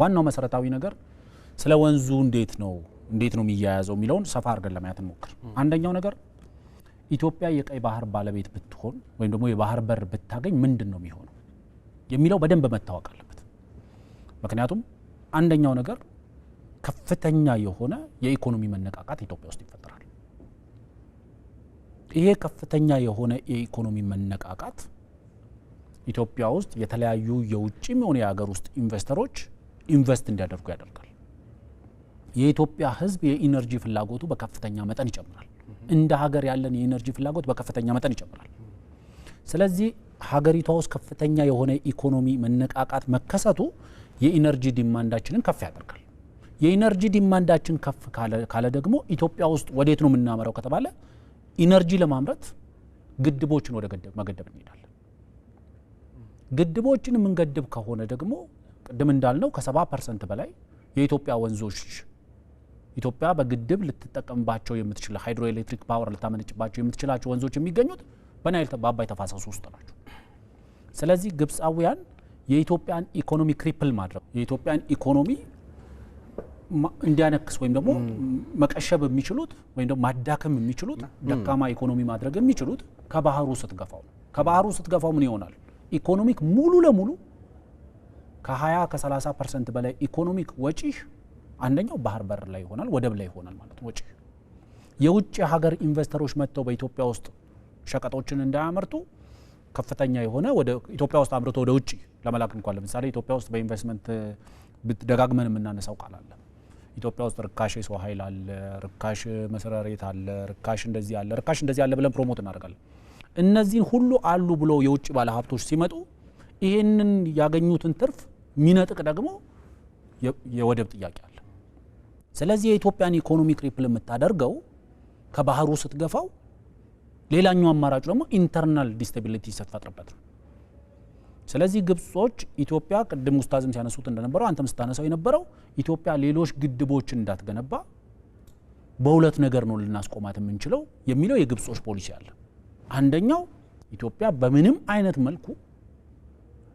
ዋናው መሰረታዊ ነገር ስለ ወንዙ እንዴት ነው እንዴት ነው የሚያያዘው የሚለውን ሰፋ አድርገን ለማየት እንሞክር። አንደኛው ነገር ኢትዮጵያ የቀይ ባህር ባለቤት ብትሆን ወይም ደግሞ የባህር በር ብታገኝ ምንድን ነው የሚሆነው የሚለው በደንብ መታወቅ አለበት። ምክንያቱም አንደኛው ነገር ከፍተኛ የሆነ የኢኮኖሚ መነቃቃት ኢትዮጵያ ውስጥ ይፈጠራል። ይሄ ከፍተኛ የሆነ የኢኮኖሚ መነቃቃት ኢትዮጵያ ውስጥ የተለያዩ የውጭም ሆነ የሀገር ውስጥ ኢንቨስተሮች ኢንቨስት እንዲያደርጉ ያደርጋል። የኢትዮጵያ ሕዝብ የኢነርጂ ፍላጎቱ በከፍተኛ መጠን ይጨምራል። እንደ ሀገር ያለን የኢነርጂ ፍላጎት በከፍተኛ መጠን ይጨምራል። ስለዚህ ሀገሪቷ ውስጥ ከፍተኛ የሆነ ኢኮኖሚ መነቃቃት መከሰቱ የኢነርጂ ዲማንዳችንን ከፍ ያደርጋል። የኢነርጂ ዲማንዳችን ከፍ ካለ ደግሞ ኢትዮጵያ ውስጥ ወዴት ነው የምናመረው ከተባለ ኢነርጂ ለማምረት ግድቦችን ወደ መገደብ እንሄዳለን። ግድቦችን የምንገድብ ከሆነ ደግሞ ቅድም እንዳልነው ከ ፐርሰንት በላይ የኢትዮጵያ ወንዞች ኢትዮጵያ በግድብ ልትጠቀምባቸው የምትችል ሃይድሮ ኤሌክትሪክ ፓወር ልታመነጭባቸው የምትችላቸው ወንዞች የሚገኙት በናይል በአባይ ተፋሰሱ ውስጥ ናቸው። ስለዚህ ግብፃውያን የኢትዮጵያን ኢኮኖሚ ክሪፕል ማድረግ የኢትዮጵያን ኢኮኖሚ እንዲያነክስ ወይም ደግሞ መቀሸብ የሚችሉት ወይም ደግሞ ማዳከም የሚችሉት ደካማ ኢኮኖሚ ማድረግ የሚችሉት ከባህሩ ስትገፋው ነው። ከባህሩ ስትገፋው ምን ይሆናል? ኢኮኖሚክ ሙሉ ለሙሉ ከ20 ከ30 ፐርሰንት በላይ ኢኮኖሚክ ወጪህ አንደኛው ባህር በር ላይ ይሆናል፣ ወደብ ላይ ይሆናል ማለት ወጪ። የውጭ ሀገር ኢንቨስተሮች መጥተው በኢትዮጵያ ውስጥ ሸቀጦችን እንዳያመርቱ ከፍተኛ የሆነ ወደ ኢትዮጵያ ውስጥ አምርቶ ወደ ውጭ ለመላክ እንኳን ለምሳሌ ኢትዮጵያ ውስጥ በኢንቨስትመንት ደጋግመን የምናነሳው ቃል አለ። ኢትዮጵያ ውስጥ ርካሽ የሰው ኃይል አለ፣ ርካሽ መሰረ አለ፣ ርካሽ እንደዚህ አለ፣ ርካሽ እንደዚህ አለ ብለን ፕሮሞት እናደርጋለን። እነዚህን ሁሉ አሉ ብሎ የውጭ ባለሀብቶች ሲመጡ ይህንን ያገኙትን ትርፍ የሚነጥቅ ደግሞ የወደብ ጥያቄ አለ። ስለዚህ የኢትዮጵያን ኢኮኖሚ ክሪፕል የምታደርገው ከባህሩ ስትገፋው፣ ሌላኛው አማራጭ ደግሞ ኢንተርናል ዲስታቢሊቲ ስትፈጥርበት ነው። ስለዚህ ግብጾች ኢትዮጵያ ቅድም ውስታዝም ሲያነሱት እንደነበረው አንተም ስታነሳው የነበረው ኢትዮጵያ ሌሎች ግድቦችን እንዳትገነባ በሁለት ነገር ነው ልናስቆማት የምንችለው የሚለው የግብጾች ፖሊሲ አለ። አንደኛው ኢትዮጵያ በምንም አይነት መልኩ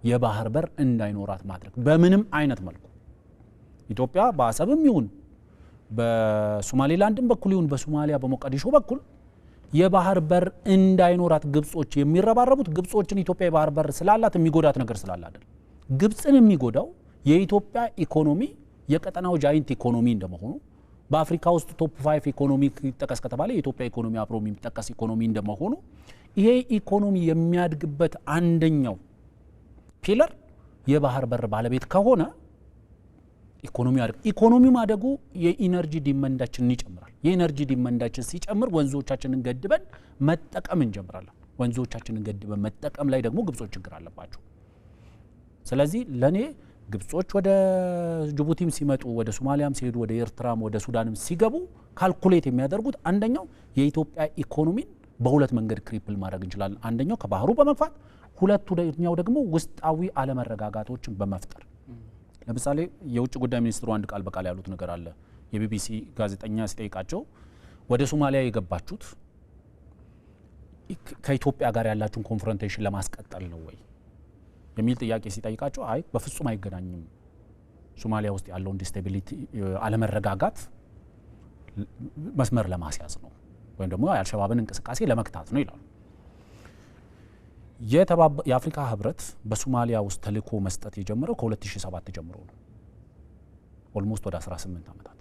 የባህር በር እንዳይኖራት ማድረግ በምንም አይነት መልኩ ኢትዮጵያ በአሰብም ይሁን በሶማሌላንድም በኩል ይሁን በሶማሊያ በሞቃዲሾ በኩል የባህር በር እንዳይኖራት ግብጾች የሚረባረቡት ግብጾችን ኢትዮጵያ የባህር በር ስላላት የሚጎዳት ነገር ስላለ አይደል። የሚጎዳው የኢትዮጵያ ኢኮኖሚ የቀጠናው ጃይንት ኢኮኖሚ እንደመሆኑ በአፍሪካ ውስጥ ቶፕ ፋይቭ ኢኮኖሚ ይጠቀስ ከተባለ የኢትዮጵያ ኢኮኖሚ አብሮ የሚጠቀስ ኢኮኖሚ እንደመሆኑ ይሄ ኢኮኖሚ የሚያድግበት አንደኛው ፒለር የባህር በር ባለቤት ከሆነ ኢኮኖሚ አደግ ኢኮኖሚው ማደጉ የኢነርጂ ዲመንዳችንን ይጨምራል። የኢነርጂ ዲመንዳችን ሲጨምር ወንዞቻችንን ገድበን መጠቀም እንጀምራለን። ወንዞቻችንን ገድበን መጠቀም ላይ ደግሞ ግብጾች ችግር አለባቸው። ስለዚህ ለእኔ ግብጾች ወደ ጅቡቲም ሲመጡ ወደ ሶማሊያም ሲሄዱ ወደ ኤርትራም ወደ ሱዳንም ሲገቡ ካልኩሌት የሚያደርጉት አንደኛው የኢትዮጵያ ኢኮኖሚን በሁለት መንገድ ክሪፕል ማድረግ እንችላለን። አንደኛው ከባህሩ በመግፋት ሁለተኛው ደግሞ ውስጣዊ አለመረጋጋቶችን በመፍጠር ለምሳሌ የውጭ ጉዳይ ሚኒስትሩ አንድ ቃል በቃል ያሉት ነገር አለ። የቢቢሲ ጋዜጠኛ ሲጠይቃቸው ወደ ሶማሊያ የገባችሁት ከኢትዮጵያ ጋር ያላችሁን ኮንፍሮንቴሽን ለማስቀጠል ነው ወይ የሚል ጥያቄ ሲጠይቃቸው አይ በፍጹም አይገናኝም፣ ሶማሊያ ውስጥ ያለውን ዲስቴቢሊቲ አለመረጋጋት መስመር ለማስያዝ ነው ወይም ደግሞ የአልሸባብን እንቅስቃሴ ለመክታት ነው ይላሉ። የአፍሪካ ህብረት በሶማሊያ ውስጥ ተልእኮ መስጠት የጀመረው ከ2007 ጀምሮ ነው። ኦልሞስት ወደ 18 ዓመታት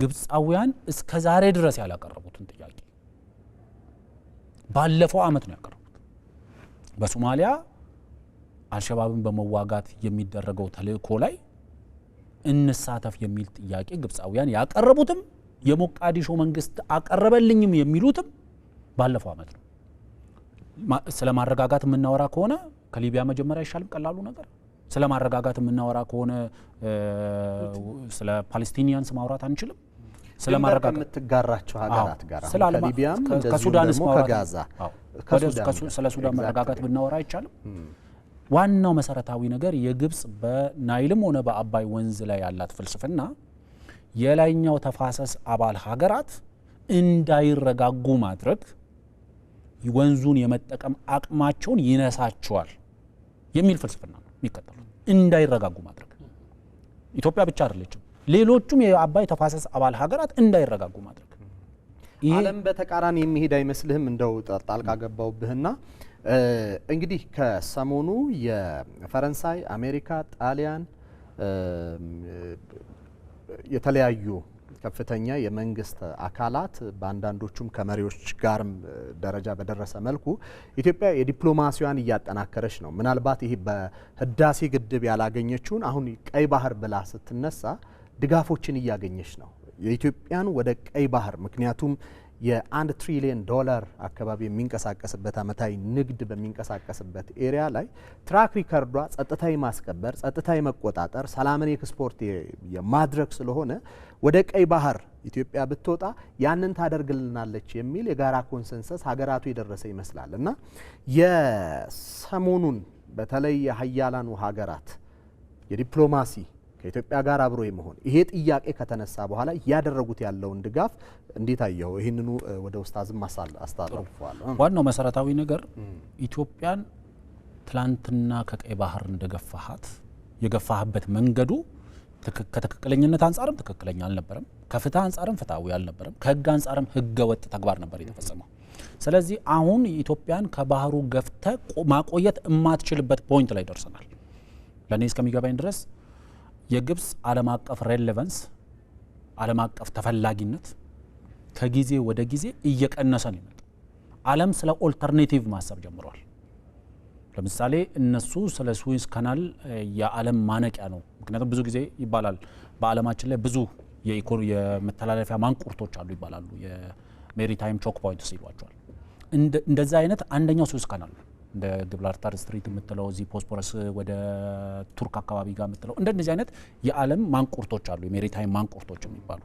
ግብፃውያን እስከ ዛሬ ድረስ ያላቀረቡትን ጥያቄ ባለፈው ዓመት ነው ያቀረቡት። በሶማሊያ አልሸባብን በመዋጋት የሚደረገው ተልእኮ ላይ እንሳተፍ የሚል ጥያቄ ግብፃውያን ያቀረቡትም የሞቃዲሾ መንግስት አቀረበልኝም የሚሉትም ባለፈው ዓመት ነው። ስለ ማረጋጋት የምናወራ ከሆነ ከሊቢያ መጀመሪያ አይሻልም? ቀላሉ ነገር ስለ ማረጋጋት የምናወራ ከሆነ ስለ ፓለስቲኒያንስ ማውራት አንችልም? ስለ ማረጋጋት የምትጋራቸው ሀገራት ጋር ከሊቢያም ከሱዳንስ ስለ ሱዳን መረጋጋት ብናወራ አይቻልም? Hmm. ዋናው መሰረታዊ ነገር የግብጽ በናይልም ሆነ በአባይ ወንዝ ላይ ያላት ፍልስፍና የላይኛው ተፋሰስ አባል ሀገራት እንዳይረጋጉ ማድረግ ወንዙን የመጠቀም አቅማቸውን ይነሳቸዋል የሚል ፍልስፍና ነው የሚከተሉት። እንዳይረጋጉ ማድረግ ኢትዮጵያ ብቻ አይደለችም፣ ሌሎቹም የአባይ ተፋሰስ አባል ሀገራት እንዳይረጋጉ ማድረግ። አለም በተቃራኒ የሚሄድ አይመስልህም? እንደው ጣልቃ ገባውብህና እንግዲህ ከሰሞኑ የፈረንሳይ፣ አሜሪካ፣ ጣሊያን የተለያዩ ከፍተኛ የመንግስት አካላት በአንዳንዶቹም ከመሪዎች ጋርም ደረጃ በደረሰ መልኩ ኢትዮጵያ የዲፕሎማሲዋን እያጠናከረች ነው። ምናልባት ይህ በህዳሴ ግድብ ያላገኘችውን አሁን ቀይ ባህር ብላ ስትነሳ ድጋፎችን እያገኘች ነው የኢትዮጵያን ወደ ቀይ ባህር ምክንያቱም የአንድ ትሪሊየን ዶላር አካባቢ የሚንቀሳቀስበት አመታዊ ንግድ በሚንቀሳቀስበት ኤሪያ ላይ ትራክ ሪከርዷ ጸጥታዊ ማስከበር፣ ጸጥታዊ መቆጣጠር፣ ሰላምን ኤክስፖርት የማድረግ ስለሆነ ወደ ቀይ ባህር ኢትዮጵያ ብትወጣ ያንን ታደርግልናለች የሚል የጋራ ኮንሰንሰስ ሀገራቱ የደረሰ ይመስላል እና የሰሞኑን በተለይ የሀያላኑ ሀገራት የዲፕሎማሲ ከኢትዮጵያ ጋር አብሮ የመሆን ይሄ ጥያቄ ከተነሳ በኋላ ያደረጉት ያለውን ድጋፍ እንዴት አየው? ይህንኑ ወደ ውስታዝም አስተላልፈዋል። ዋናው መሰረታዊ ነገር ኢትዮጵያን ትላንትና ከቀይ ባህር እንደገፋሃት የገፋህበት መንገዱ ከትክክለኝነት አንጻርም ትክክለኛ አልነበረም፣ ከፍትህ አንጻርም ፍትሐዊ አልነበረም፣ ከህግ አንጻርም ህገ ወጥ ተግባር ነበር የተፈጸመው። ስለዚህ አሁን ኢትዮጵያን ከባህሩ ገፍተ ማቆየት የማትችልበት ፖይንት ላይ ደርሰናል። ለእኔ እስከሚገባኝ ድረስ የግብፅ ዓለም አቀፍ ሬሌቨንስ ዓለም አቀፍ ተፈላጊነት ከጊዜ ወደ ጊዜ እየቀነሰ ነው ይመጣ። ዓለም ስለ ኦልተርኔቲቭ ማሰብ ጀምሯል። ለምሳሌ እነሱ ስለ ስዊዝ ካናል የዓለም ማነቂያ ነው። ምክንያቱም ብዙ ጊዜ ይባላል በዓለማችን ላይ ብዙ የመተላለፊያ ማንቁርቶች አሉ ይባላሉ። የሜሪታይም ቾክ ፖይንትስ ይሏቸዋል። እንደዚህ አይነት አንደኛው ስዊዝ ካናል ነው። እንደ ስትሪት የምትለው እዚህ ፖስፖረስ ወደ ቱርክ አካባቢ ጋር የምትለው እንደነዚህ አይነት የዓለም ማንቁርቶች አሉ፣ የሜሪታይም ማንቁርቶች የሚባሉ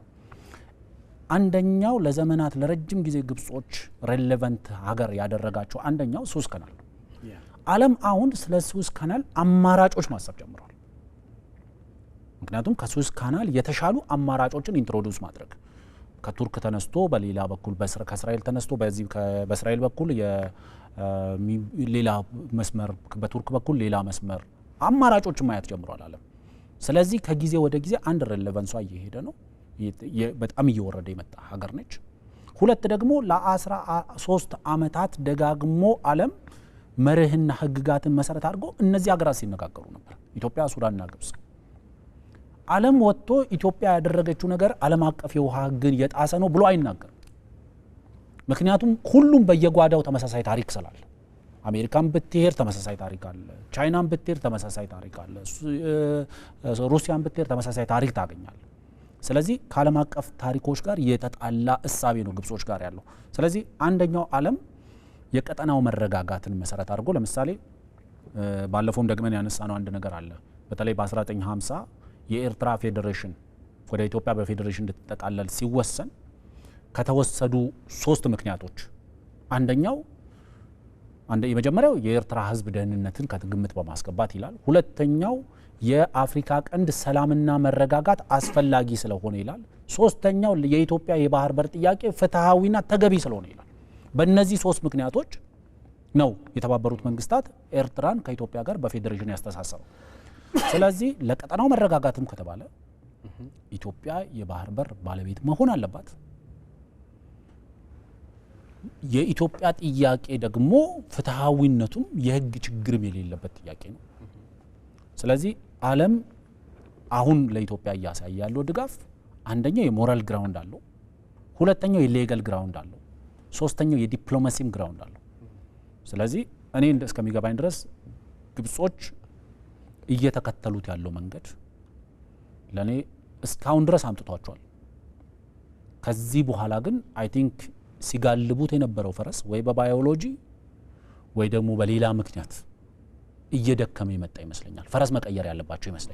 አንደኛው ለዘመናት ለረጅም ጊዜ ግብጾች ሬሌቨንት ሀገር ያደረጋቸው አንደኛው ሱዝ ከናል። ዓለም አሁን ስለ ሱዝ ከናል አማራጮች ማሰብ ጀምረዋል። ምክንያቱም ከሱዝ ካናል የተሻሉ አማራጮችን ኢንትሮዱስ ማድረግ ከቱርክ ተነስቶ በሌላ በኩል ከእስራኤል ተነስቶ በዚህ በእስራኤል በኩል ሌላ መስመር በቱርክ በኩል ሌላ መስመር አማራጮች ማየት ጀምሯል አለም። ስለዚህ ከጊዜ ወደ ጊዜ አንድ ሬሌቨንሷ እየሄደ ነው። በጣም እየወረደ የመጣ ሀገር ነች። ሁለት ደግሞ ለአስራ ሶስት ዓመታት ደጋግሞ አለም መርህና ህግጋትን መሰረት አድርጎ እነዚህ ሀገራት ሲነጋገሩ ነበር። ኢትዮጵያ፣ ሱዳንና ግብጽ ዓለም ወጥቶ ኢትዮጵያ ያደረገችው ነገር ዓለም አቀፍ የውሃ ሕግን የጣሰ ነው ብሎ አይናገርም። ምክንያቱም ሁሉም በየጓዳው ተመሳሳይ ታሪክ ስላለ አሜሪካን ብትሄድ ተመሳሳይ ታሪክ አለ። ቻይናን ብትሄድ ተመሳሳይ ታሪክ አለ። ሩሲያን ብትሄድ ተመሳሳይ ታሪክ ታገኛለ። ስለዚህ ከዓለም አቀፍ ታሪኮች ጋር የተጣላ እሳቤ ነው ግብጾች ጋር ያለው። ስለዚህ አንደኛው ዓለም የቀጠናው መረጋጋትን መሰረት አድርጎ ለምሳሌ ባለፈውም ደግመን ያነሳ ነው አንድ ነገር አለ። በተለይ በ1950 የኤርትራ ፌዴሬሽን ወደ ኢትዮጵያ በፌዴሬሽን እንድትጠቃለል ሲወሰን ከተወሰዱ ሶስት ምክንያቶች አንደኛው የመጀመሪያው የኤርትራ ሕዝብ ደህንነትን ከግምት በማስገባት ይላል። ሁለተኛው የአፍሪካ ቀንድ ሰላምና መረጋጋት አስፈላጊ ስለሆነ ይላል። ሶስተኛው የኢትዮጵያ የባህር በር ጥያቄ ፍትሐዊና ተገቢ ስለሆነ ይላል። በእነዚህ ሶስት ምክንያቶች ነው የተባበሩት መንግስታት ኤርትራን ከኢትዮጵያ ጋር በፌዴሬሽን ያስተሳሰረው። ስለዚህ ለቀጠናው መረጋጋትም ከተባለ ኢትዮጵያ የባህር በር ባለቤት መሆን አለባት። የኢትዮጵያ ጥያቄ ደግሞ ፍትሐዊነቱም የህግ ችግርም የሌለበት ጥያቄ ነው። ስለዚህ ዓለም አሁን ለኢትዮጵያ እያሳየ ያለው ድጋፍ አንደኛው የሞራል ግራውንድ አለው፣ ሁለተኛው የሌጋል ግራውንድ አለው፣ ሶስተኛው የዲፕሎማሲም ግራውንድ አለው። ስለዚህ እኔ እስከሚገባኝ ድረስ ግብጾች እየተከተሉት ያለው መንገድ ለእኔ እስካሁን ድረስ አምጥቷቸዋል። ከዚህ በኋላ ግን አይ ቲንክ ሲጋልቡት የነበረው ፈረስ ወይ በባዮሎጂ ወይ ደግሞ በሌላ ምክንያት እየደከመ የመጣ ይመስለኛል። ፈረስ መቀየር ያለባቸው ይመስለኛል።